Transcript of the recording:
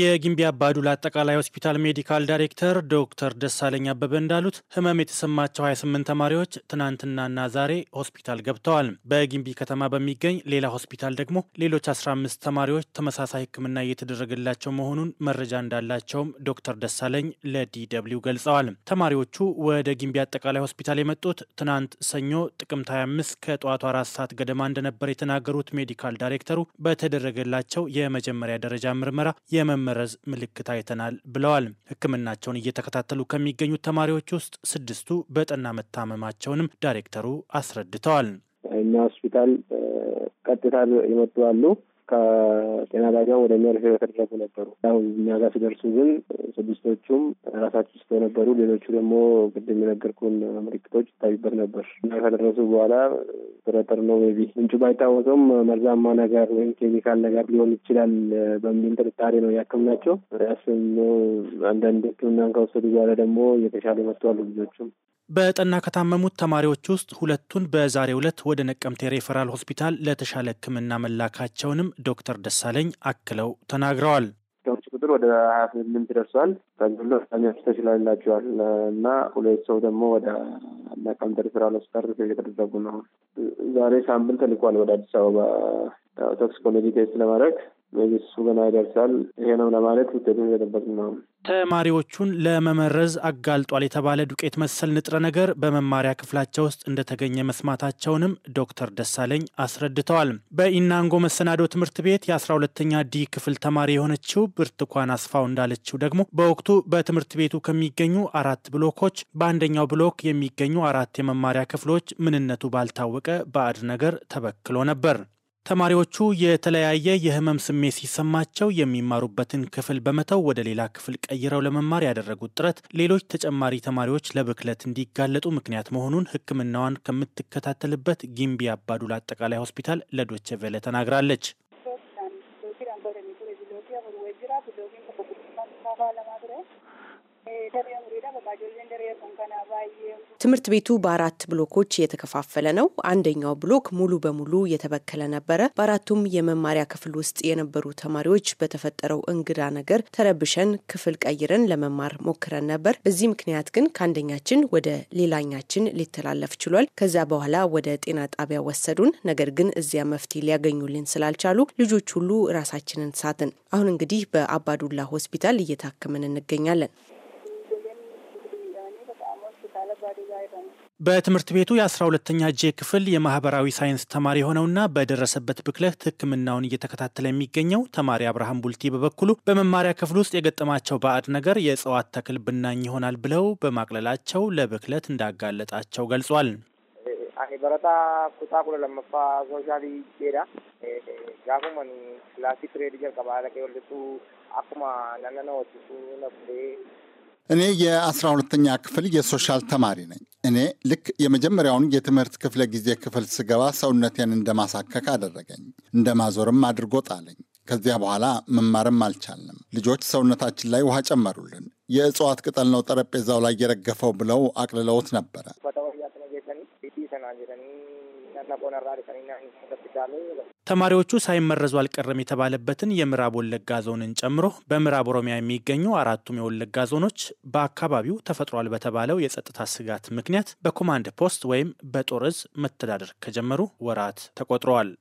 የጊምቢ አባዱላ አጠቃላይ ሆስፒታል ሜዲካል ዳይሬክተር ዶክተር ደሳለኝ አበበ እንዳሉት ህመም የተሰማቸው 28 ተማሪዎች ትናንትናና ዛሬ ሆስፒታል ገብተዋል። በጊምቢ ከተማ በሚገኝ ሌላ ሆስፒታል ደግሞ ሌሎች 15 ተማሪዎች ተመሳሳይ ሕክምና እየተደረገላቸው መሆኑን መረጃ እንዳላቸውም ዶክተር ደሳለኝ ለዲደብሊው ገልጸዋል። ተማሪዎቹ ወደ ጊምቢ አጠቃላይ ሆስፒታል የመጡት ትናንት ሰኞ ጥቅምት 25 ከጠዋቱ አራት ሰዓት ገደማ እንደነበር የተናገሩት ሜዲካል ዳይሬክተሩ በተደረገላቸው የመጀመሪያ ደረጃ ምርመራ የመመረዝ ምልክት አይተናል ብለዋል። ሕክምናቸውን እየተከታተሉ ከሚገኙት ተማሪዎች ውስጥ ስድስቱ በጠና መታመማቸውንም ዳይሬክተሩ አስረድተዋል። እኛ ሆስፒታል ቀጥታ ይመጡ አሉ ከጤና ጣቢያ ወደ መርፌ የተደረጉ ነበሩ። አሁን እኛ ጋር ሲደርሱ ግን ስድስቶቹም ራሳቸው ስቶ ነበሩ። ሌሎቹ ደግሞ ቅድም የነገርኩን ምልክቶች ይታዩበት ነበር እና ከደረሱ በኋላ ጥረጥር ነው ቢ ምንጩ ባይታወቅም መርዛማ ነገር ወይም ኬሚካል ነገር ሊሆን ይችላል በሚል ጥርጣሬ ነው ያክምናቸው። እሱም አንዳንድ ሕክምናን ከወሰዱ በኋላ ደግሞ እየተሻለ መጥተዋል ልጆቹም በጠና ከታመሙት ተማሪዎች ውስጥ ሁለቱን በዛሬው ዕለት ወደ ነቀምቴ ሬፈራል ሆስፒታል ለተሻለ ሕክምና መላካቸውንም ዶክተር ደሳለኝ አክለው ተናግረዋል። ሰዎች ቁጥር ወደ ሀያ ስምንት ደርሷል። ከዚህም ለፍተኞች ተችላላቸዋል እና ሁለት ሰው ደግሞ ወደ ነቀምቴ ሬፈራል ሆስፒታል እየተደረጉ ነው። ዛሬ ሳምፕል ተልኳል ወደ አዲስ አበባ ቶክሲኮሎጂ ቴስት ለማድረግ መንግስት እሱ ገና ይደርሳል። ይሄ ነው ለማለት ውጤቱን እየጠበቅን ነው። ተማሪዎቹን ለመመረዝ አጋልጧል የተባለ ዱቄት መሰል ንጥረ ነገር በመማሪያ ክፍላቸው ውስጥ እንደተገኘ መስማታቸውንም ዶክተር ደሳለኝ አስረድተዋል። በኢናንጎ መሰናዶ ትምህርት ቤት የአስራ ሁለተኛ ዲ ክፍል ተማሪ የሆነችው ብርቱካን አስፋው እንዳለችው ደግሞ በወቅቱ በትምህርት ቤቱ ከሚገኙ አራት ብሎኮች በአንደኛው ብሎክ የሚገኙ አራት የመማሪያ ክፍሎች ምንነቱ ባልታወቀ ባዕድ ነገር ተበክሎ ነበር። ተማሪዎቹ የተለያየ የህመም ስሜት ሲሰማቸው የሚማሩበትን ክፍል በመተው ወደ ሌላ ክፍል ቀይረው ለመማር ያደረጉት ጥረት ሌሎች ተጨማሪ ተማሪዎች ለብክለት እንዲጋለጡ ምክንያት መሆኑን ሕክምናዋን ከምትከታተልበት ጊምቢ አባዱላ አጠቃላይ ሆስፒታል ለዶቼ ቬለ ተናግራለች። ትምህርት ቤቱ በአራት ብሎኮች የተከፋፈለ ነው። አንደኛው ብሎክ ሙሉ በሙሉ የተበከለ ነበረ። በአራቱም የመማሪያ ክፍል ውስጥ የነበሩ ተማሪዎች በተፈጠረው እንግዳ ነገር ተረብሸን ክፍል ቀይረን ለመማር ሞክረን ነበር። በዚህ ምክንያት ግን ከአንደኛችን ወደ ሌላኛችን ሊተላለፍ ችሏል። ከዚያ በኋላ ወደ ጤና ጣቢያ ወሰዱን። ነገር ግን እዚያ መፍትሄ ሊያገኙልን ስላልቻሉ ልጆች ሁሉ ራሳችንን ሳትን። አሁን እንግዲህ በአባዱላ ሆስፒታል እየታከምን እንገኛለን። በትምህርት ቤቱ የአስራ ሁለተኛ ጄ ክፍል የማህበራዊ ሳይንስ ተማሪ የሆነውና በደረሰበት ብክለት ሕክምናውን እየተከታተለ የሚገኘው ተማሪ አብርሃም ቡልቲ በበኩሉ በመማሪያ ክፍል ውስጥ የገጠማቸው ባዕድ ነገር የእጽዋት ተክል ብናኝ ይሆናል ብለው በማቅለላቸው ለብክለት እንዳጋለጣቸው ገልጿል። በረታ ኩለ ለመፋ ሶሻሊ ጄዳ ላሲ ትሬድ ጀርቀባለቀ ወልሱ አኩማ ነነነ ወሱ እኔ የአስራ ሁለተኛ ክፍል የሶሻል ተማሪ ነኝ። እኔ ልክ የመጀመሪያውን የትምህርት ክፍለ ጊዜ ክፍል ስገባ ሰውነቴን እንደማሳከክ አደረገኝ፣ እንደማዞርም አድርጎ ጣለኝ። ከዚያ በኋላ መማርም አልቻልንም። ልጆች ሰውነታችን ላይ ውሃ ጨመሩልን። የእጽዋት ቅጠል ነው ጠረጴዛው ላይ የረገፈው ብለው አቅልለውት ነበረ። ተማሪዎቹ ሳይመረዙ አልቀረም የተባለበትን የምዕራብ ወለጋ ዞንን ጨምሮ በምዕራብ ኦሮሚያ የሚገኙ አራቱም የወለጋ ዞኖች በአካባቢው ተፈጥሯል በተባለው የጸጥታ ስጋት ምክንያት በኮማንድ ፖስት ወይም በጦር እዝ መተዳደር ከጀመሩ ወራት ተቆጥረዋል።